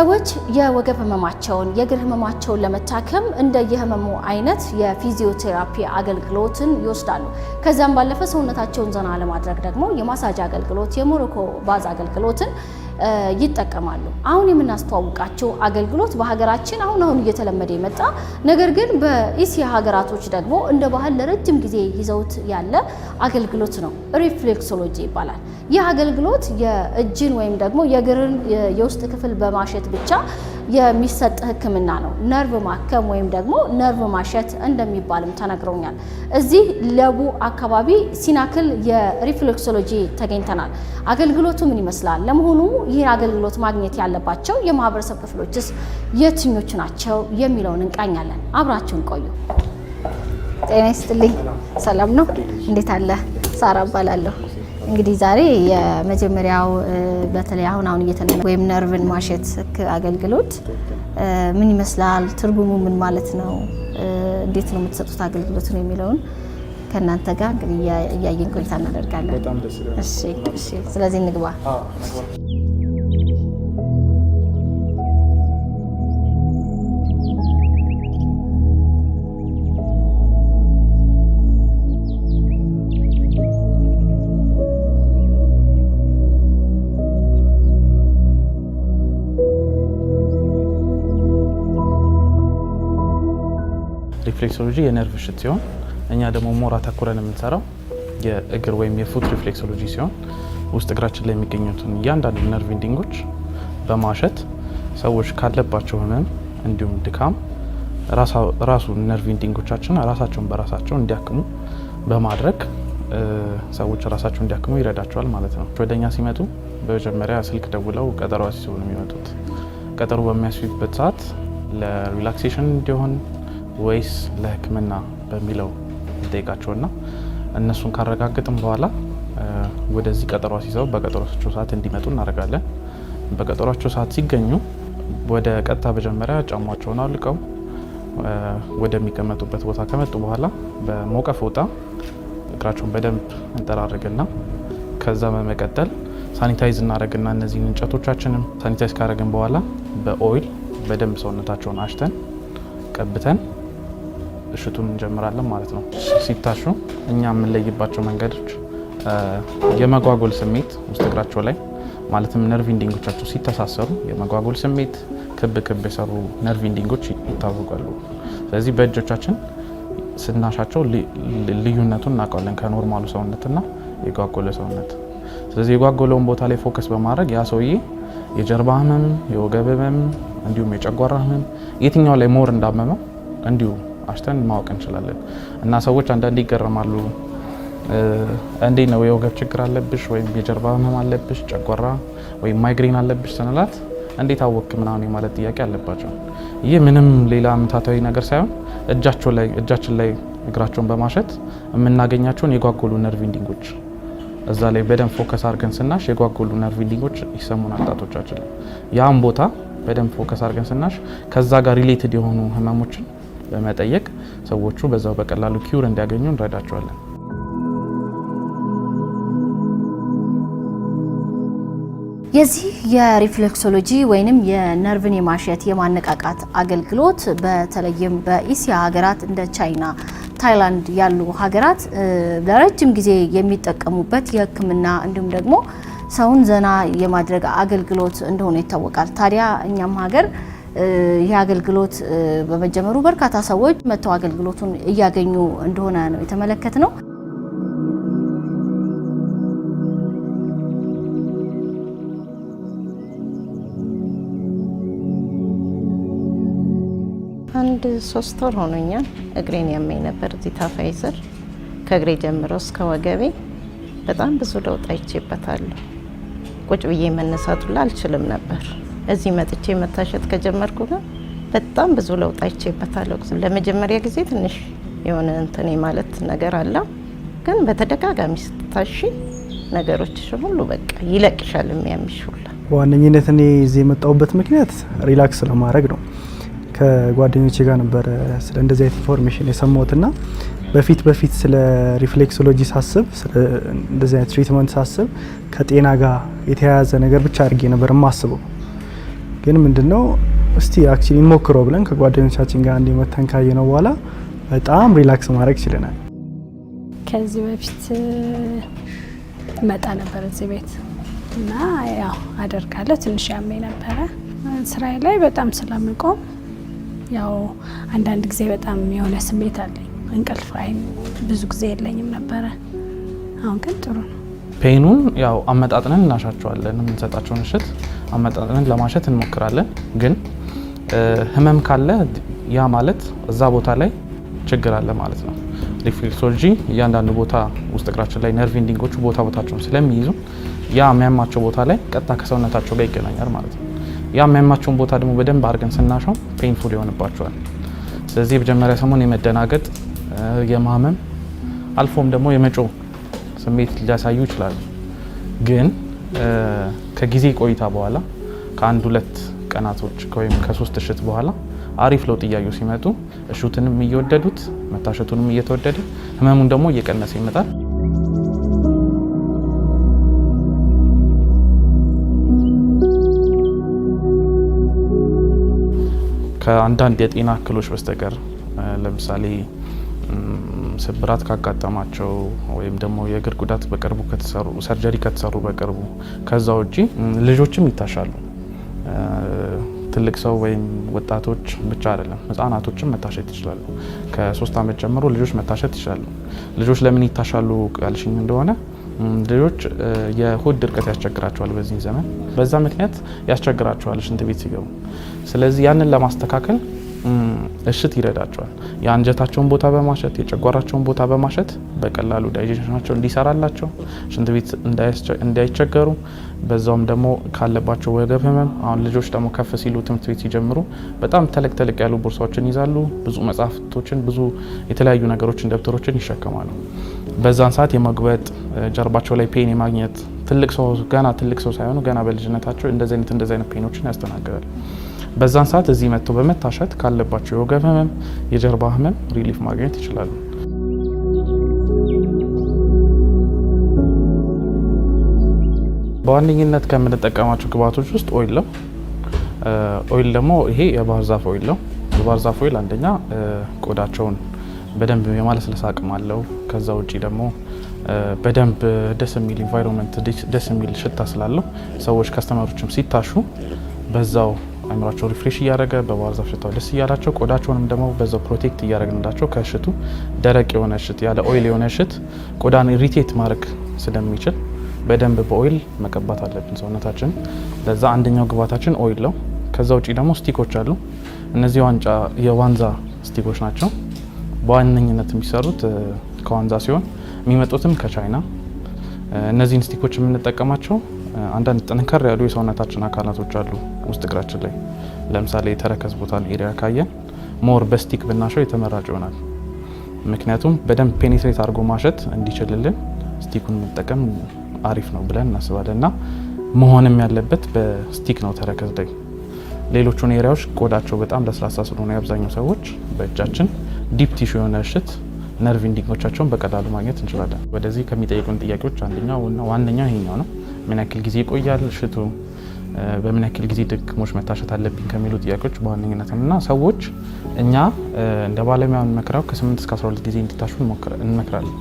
ሰዎች የወገብ ህመማቸውን የእግር ህመማቸውን ለመታከም እንደ የህመሙ አይነት የፊዚዮቴራፒ አገልግሎትን ይወስዳሉ። ከዚያም ባለፈ ሰውነታቸውን ዘና ለማድረግ ደግሞ የማሳጅ አገልግሎት፣ የሞሮኮ ባዝ አገልግሎትን ይጠቀማሉ። አሁን የምናስተዋውቃቸው አገልግሎት በሀገራችን አሁን አሁን እየተለመደ የመጣ ነገር ግን በኢሲያ ሀገራቶች ደግሞ እንደ ባህል ለረጅም ጊዜ ይዘውት ያለ አገልግሎት ነው። ሪፍሌክሶሎጂ ይባላል። ይህ አገልግሎት የእጅን ወይም ደግሞ የእግርን የውስጥ ክፍል በማሸት ብቻ የሚሰጥ ህክምና ነው። ነርቭ ማከም ወይም ደግሞ ነርቭ ማሸት እንደሚባልም ተነግሮኛል። እዚህ ለቡ አካባቢ ሲናክል የሪፍሌክሶሎጂ ተገኝተናል። አገልግሎቱ ምን ይመስላል? ለመሆኑ ይህ አገልግሎት ማግኘት ያለባቸው የማህበረሰብ ክፍሎችስ የትኞቹ ናቸው የሚለውን እንቃኛለን። አብራችሁን ቆዩ። ጤና ይስጥልኝ። ሰላም ነው? እንዴት አለ? ሳራ እባላለሁ። እንግዲህ ዛሬ የመጀመሪያው በተለይ አሁን አሁን እየተነ ወይም ነርቭን ማሸት ህክ አገልግሎት ምን ይመስላል፣ ትርጉሙ ምን ማለት ነው፣ እንዴት ነው የምትሰጡት አገልግሎቱን የሚለውን ከእናንተ ጋር እንግዲህ እያየን ቆይታ እናደርጋለን። ስለዚህ እንግባ። ሪፍሌክሶሎጂ የነርቭ እሽት ሲሆን እኛ ደግሞ ሞራ ተኩረን የምንሰራው የእግር ወይም የፉት ሪፍሌክሶሎጂ ሲሆን ውስጥ እግራችን ላይ የሚገኙትን እያንዳንዱ ነርቭ ኢንዲንጎች በማሸት ሰዎች ካለባቸው ህመም እንዲሁም ድካም ራሱ ነርቭ ኢንዲንጎቻችን ራሳቸውን በራሳቸው እንዲያክሙ በማድረግ ሰዎች ራሳቸው እንዲያክሙ ይረዳቸዋል ማለት ነው። ወደኛ ሲመጡ በመጀመሪያ ስልክ ደውለው ቀጠሮ ሲሆኑ የሚመጡት ቀጠሮ በሚያስይዙበት ሰዓት ለሪላክሴሽን እንዲሆን ወይስ ለህክምና በሚለው ይጠይቃቸውና እነሱን ካረጋግጥም በኋላ ወደዚህ ቀጠሮ ሲይዘው በቀጠሯቸው ሰዓት እንዲመጡ እናደርጋለን። በቀጠሯቸው ሰዓት ሲገኙ ወደ ቀጥታ መጀመሪያ ጫማቸውን አውልቀው ወደሚቀመጡበት ቦታ ከመጡ በኋላ በሞቀ ፎጣ እግራቸውን በደንብ እንጠራርግና ከዛ በመቀጠል ሳኒታይዝ እናደረግና እነዚህን እንጨቶቻችንም ሳኒታይዝ ካደረግን በኋላ በኦይል በደንብ ሰውነታቸውን አሽተን ቀብተን እሽቱን እንጀምራለን ማለት ነው። ሲታሹ እኛ የምንለይባቸው መንገዶች የመጓጎል ስሜት ውስጥ እግራቸው ላይ ማለትም ነርቭ ኢንዲንጎቻቸው ሲተሳሰሩ የመጓጎል ስሜት፣ ክብ ክብ የሰሩ ነርቭ ኢንዲንጎች ይታወቃሉ። ስለዚህ በእጆቻችን ስናሻቸው ልዩነቱን እናውቃለን ከኖርማሉ ሰውነትና የጓጎለ ሰውነት። ስለዚህ የጓጎለውን ቦታ ላይ ፎከስ በማድረግ ያ ሰውዬ የጀርባ ህመም፣ የወገብ ህመም እንዲሁም የጨጓራ ህመም የትኛው ላይ ሞር እንዳመመው እንዲሁም አሽተን ማወቅ እንችላለን። እና ሰዎች አንዳንድ ይገረማሉ። እንዴ ነው የወገብ ችግር አለብሽ ወይም የጀርባ ህመም አለብሽ፣ ጨጓራ ወይም ማይግሬን አለብሽ ስንላት እንዴት አወቅክ ምናምን የማለት ጥያቄ አለባቸው። ይህ ምንም ሌላ ምታታዊ ነገር ሳይሆን እጃችን ላይ እግራቸውን በማሸት የምናገኛቸውን የጓጎሉ ነርቭ ኢንዲንጎች እዛ ላይ በደንብ ፎከስ አድርገን ስናሽ የጓጎሉ ነርቭ ኢንዲንጎች ይሰሙናል ጣቶቻችን ላይ። ያም ቦታ በደንብ ፎከስ አድርገን ስናሽ ከዛ ጋር ሪሌትድ የሆኑ ህመሞችን በመጠየቅ ሰዎቹ በዛው በቀላሉ ኪውር እንዲያገኙ እንረዳቸዋለን። የዚህ የሪፍሌክሶሎጂ ወይም የነርቭን የማሸት የማነቃቃት አገልግሎት በተለይም በኢሲያ ሀገራት እንደ ቻይና፣ ታይላንድ ያሉ ሀገራት ለረጅም ጊዜ የሚጠቀሙበት የሕክምና እንዲሁም ደግሞ ሰውን ዘና የማድረግ አገልግሎት እንደሆነ ይታወቃል። ታዲያ እኛም ሀገር ይህ አገልግሎት በመጀመሩ በርካታ ሰዎች መጥተው አገልግሎቱን እያገኙ እንደሆነ ነው የተመለከት ነው። አንድ ሶስት ወር ሆኖኛል። እግሬን ያመኝ ነበር እዚህ ታፋይ ከእግሬ ጀምሮ እስከ ወገቤ በጣም ብዙ ለውጥ አይቼበታለሁ። ቁጭ ብዬ መነሳቱላ አልችልም ነበር እዚህ መጥቼ መታሸት ከጀመርኩ ግን በጣም ብዙ ለውጥ አይቼበታለሁ። ለመጀመሪያ ጊዜ ትንሽ የሆነ እንትኔ ማለት ነገር አለ። ግን በተደጋጋሚ ስታሺ ነገሮች ሁሉ በቃ ይለቅሻል የሚያምሽ ሁላ። በዋነኝነት እኔ እዚህ የመጣሁበት ምክንያት ሪላክስ ለማድረግ ነው። ከጓደኞቼ ጋር ነበር ስለ እንደዚህ አይነት ኢንፎርሜሽን የሰማሁትና በፊት በፊት ስለ ሪፍሌክሶሎጂ ሳስብ እንደዚህ አይነት ትሪትመንት ሳስብ ከጤና ጋር የተያያዘ ነገር ብቻ አድርጌ ነበር የማስበው ግን ምንድነው እስቲ አክቹሊ እንሞክረው ብለን ከጓደኞቻችን ጋር እንዲመተን ካየ ነው በኋላ በጣም ሪላክስ ማድረግ ችለናል። ከዚህ በፊት መጣ ነበር እዚህ ቤት እና ያው አደርጋለሁ ትንሽ ያመኝ ነበረ ስራዬ ላይ በጣም ስለምቆም ያው አንዳንድ ጊዜ በጣም የሆነ ስሜት አለኝ። እንቅልፍ አይን ብዙ ጊዜ የለኝም ነበረ። አሁን ግን ጥሩ ነው። ፔኑን ያው አመጣጥነን እናሻቸዋለን የምንሰጣቸውን እሽት አመጣጥነን ለማሸት እንሞክራለን። ግን ህመም ካለ ያ ማለት እዛ ቦታ ላይ ችግር አለ ማለት ነው። ሪፍሌክሶሎጂ እያንዳንዱ ቦታ ውስጥ እግራችን ላይ ነርቭ ኢንዲንጎቹ ቦታ ቦታቸውን ስለሚይዙ ያ የሚያማቸው ቦታ ላይ ቀጥታ ከሰውነታቸው ጋር ይገናኛል ማለት ነው። ያ የሚያማቸውን ቦታ ደግሞ በደንብ አድርገን ስናሸው ፔንፉል ይሆንባቸዋል። ስለዚህ የመጀመሪያ ሰሞን የመደናገጥ የማመም አልፎም ደግሞ የመጮ ስሜት ሊያሳዩ ይችላሉ ግን ከጊዜ ቆይታ በኋላ ከአንድ ሁለት ቀናቶች ወይም ከሶስት እሽት በኋላ አሪፍ ለውጥ እያዩ ሲመጡ እሹትንም እየወደዱት መታሸቱንም እየተወደደ ህመሙን ደግሞ እየቀነሰ ይመጣል። ከአንዳንድ የጤና እክሎች በስተቀር ለምሳሌ ስብራት ካጋጠማቸው ወይም ደግሞ የእግር ጉዳት በቅርቡ ከተሰሩ ሰርጀሪ ከተሰሩ በቅርቡ ከዛ ውጪ ልጆችም ይታሻሉ። ትልቅ ሰው ወይም ወጣቶች ብቻ አይደለም፣ ህጻናቶችም መታሸት ይችላሉ። ከሶስት ዓመት ጀምሮ ልጆች መታሸት ይችላሉ። ልጆች ለምን ይታሻሉ ካልሽኝ እንደሆነ ልጆች የሆድ ድርቀት ያስቸግራቸዋል። በዚህ ዘመን በዛ ምክንያት ያስቸግራቸዋል ሽንት ቤት ሲገቡ። ስለዚህ ያንን ለማስተካከል እሽት ይረዳቸዋል። የአንጀታቸውን ቦታ በማሸት የጨጓራቸውን ቦታ በማሸት በቀላሉ ዳይጀሽናቸው እንዲሰራላቸው፣ ሽንት ቤት እንዳይቸገሩ፣ በዛውም ደግሞ ካለባቸው ወገብ ህመም አሁን ልጆች ደግሞ ከፍ ሲሉ ትምህርት ቤት ሲጀምሩ በጣም ተለቅ ተለቅ ያሉ ቦርሳዎችን ይዛሉ። ብዙ መጽሐፍቶችን፣ ብዙ የተለያዩ ነገሮችን፣ ደብተሮችን ይሸከማሉ። በዛን ሰዓት የመጉበጥ ጀርባቸው ላይ ፔን የማግኘት ትልቅ ሰው ገና ትልቅ ሰው ሳይሆኑ ገና በልጅነታቸው እንደዚህ አይነት እንደዚህ አይነት ፔኖችን ያስተናግዳል። በዛን ሰዓት እዚህ መጥተው በመታሸት ካለባቸው የወገብ ህመም፣ የጀርባ ህመም ሪሊፍ ማግኘት ይችላሉ። በዋነኝነት ከምንጠቀማቸው ግብአቶች ውስጥ ኦይል ነው። ኦይል ደግሞ ይሄ የባህር ዛፍ ኦይል ነው። የባህር ዛፍ ኦይል አንደኛ ቆዳቸውን በደንብ የማለስለስ አቅም አለው። ከዛ ውጪ ደግሞ በደንብ ደስ የሚል ኢንቫይሮንመንት፣ ደስ የሚል ሽታ ስላለው ሰዎች ከስተመሮችም ሲታሹ በዛው አይምራቸው ሪፍሬሽ እያደረገ በባህር ዛፍ ሽታው ደስ እያላቸው ቆዳቸውንም ደግሞ በዛው ፕሮቴክት እያደረግንላቸው ከሽቱ ደረቅ የሆነ ሽት ያለ ኦይል የሆነ ሽት ቆዳን ኢሪቴት ማድረግ ስለሚችል በደንብ በኦይል መቀባት አለብን ሰውነታችን። ለዛ አንደኛው ግባታችን ኦይል ነው። ከዛ ውጪ ደግሞ ስቲኮች አሉ። እነዚህ ዋንጫ የዋንዛ ስቲኮች ናቸው በዋነኝነት የሚሰሩት ከዋንዛ ሲሆን የሚመጡትም ከቻይና። እነዚህን ስቲኮች የምንጠቀማቸው አንዳንድ ጥንከር ያሉ የሰውነታችን አካላቶች አሉ ውስጥ እግራችን ላይ ለምሳሌ የተረከዝ ቦታን ኤሪያ ካየን ሞር በስቲክ ብናሸው የተመራጭ ይሆናል። ምክንያቱም በደንብ ፔኔትሬት አድርጎ ማሸት እንዲችልልን ስቲኩን መጠቀም አሪፍ ነው ብለን እናስባለን እና መሆንም ያለበት በስቲክ ነው ተረከዝ ላይ። ሌሎቹን ኤሪያዎች ቆዳቸው በጣም ለስላሳ ስለሆነ የአብዛኛው ሰዎች በእጃችን ዲፕ ቲሹ የሆነ እሽት ነርቭ ኢንዲንጎቻቸውን በቀላሉ ማግኘት እንችላለን። ወደዚህ ከሚጠይቁን ጥያቄዎች አንደኛው ዋነኛው ይሄኛው ነው። ምን ያክል ጊዜ ይቆያል ሽቱ፣ በምን ያክል ጊዜ ድክሞች መታሸት አለብኝ ከሚሉ ጥያቄዎች በዋነኝነት እና ሰዎች እኛ እንደ ባለሙያ መክረው ከ8 እስከ 12 ጊዜ እንዲታሹ እንመክራለን።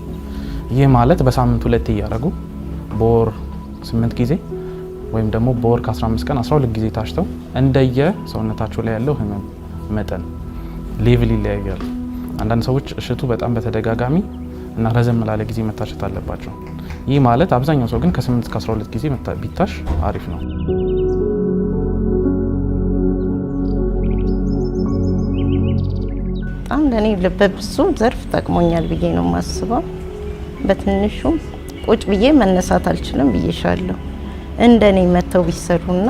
ይህ ማለት በሳምንት ሁለት እያደረጉ በወር 8 ጊዜ ወይም ደግሞ በወር ከ15 ቀን 12 ጊዜ ታሽተው እንደየ ሰውነታቸው ላይ ያለው ህመም መጠን ሌቭል ይለያያል። አንዳንድ ሰዎች እሽቱ በጣም በተደጋጋሚ እና ረዘም ላለ ጊዜ መታሸት አለባቸው። ይህ ማለት አብዛኛው ሰው ግን ከ8 እስከ 12 ጊዜ ቢታሽ አሪፍ ነው። በጣም ለእኔ በብዙ ዘርፍ ጠቅሞኛል ብዬ ነው የማስበው። በትንሹም ቁጭ ብዬ መነሳት አልችልም ብዬሻለሁ። እንደኔ መተው ቢሰሩና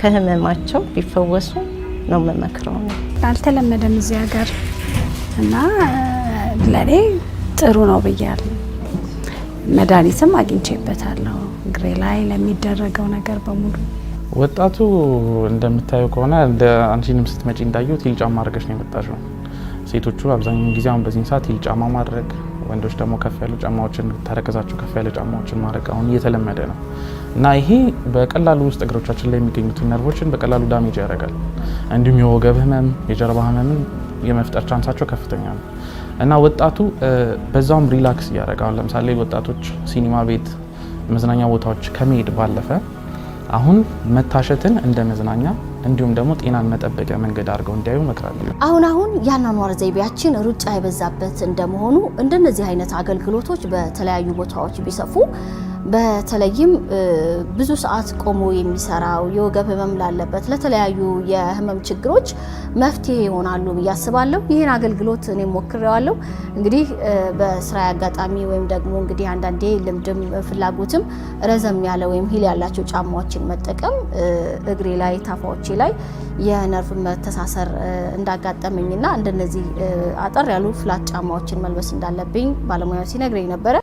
ከህመማቸው ቢፈወሱ ነው የምመክረው። ነው አልተለመደም እዚህ ሀገር እና ለእኔ ጥሩ ነው ብያለሁ። መድኃኒትም አግኝቼበታለሁ እግሬ ላይ ለሚደረገው ነገር በሙሉ። ወጣቱ እንደምታየው ከሆነ አንቺንም ስትመጪ እንዳየሁት ሂል ጫማ አድርገሽ ነው የመጣሽው። ሴቶቹ አብዛኛውን ጊዜ አሁን በዚህም ሰዓት ሂል ጫማ ማድረግ፣ ወንዶች ደግሞ ከፍ ያሉ ጫማዎችን ተረከዛቸው ከፍ ያለ ጫማዎችን ማድረግ አሁን እየተለመደ ነው እና ይሄ በቀላሉ ውስጥ እግሮቻችን ላይ የሚገኙትን ነርቮችን በቀላሉ ዳሜጅ ያደርጋል። እንዲሁም የወገብ ህመም፣ የጀርባ ህመምን የመፍጠር ቻንሳቸው ከፍተኛ ነው። እና ወጣቱ በዛውም ሪላክስ እያደረገ አሁን ለምሳሌ ወጣቶች ሲኒማ ቤት፣ መዝናኛ ቦታዎች ከመሄድ ባለፈ አሁን መታሸትን እንደ መዝናኛ እንዲሁም ደግሞ ጤናን መጠበቂያ መንገድ አድርገው እንዲያዩ እመክራለሁ። አሁን አሁን የአኗኗር ዘይቤያችን ሩጫ የበዛበት እንደመሆኑ እንደነዚህ አይነት አገልግሎቶች በተለያዩ ቦታዎች ቢሰፉ በተለይም ብዙ ሰዓት ቆሞ የሚሰራው የወገብ ህመም ላለበት ለተለያዩ የህመም ችግሮች መፍትሄ ይሆናሉ ብዬ አስባለሁ። ይህን አገልግሎት እኔ ሞክሬዋለሁ። እንግዲህ በስራ አጋጣሚ ወይም ደግሞ እንግዲህ አንዳንዴ ልምድም ፍላጎትም ረዘም ያለ ወይም ሂል ያላቸው ጫማዎችን መጠቀም እግሬ ላይ ታፋዎቼ ላይ የነርቭ መተሳሰር እንዳጋጠመኝና እንደነዚህ አጠር ያሉ ፍላት ጫማዎችን መልበስ እንዳለብኝ ባለሙያው ሲነግረኝ ነበረ።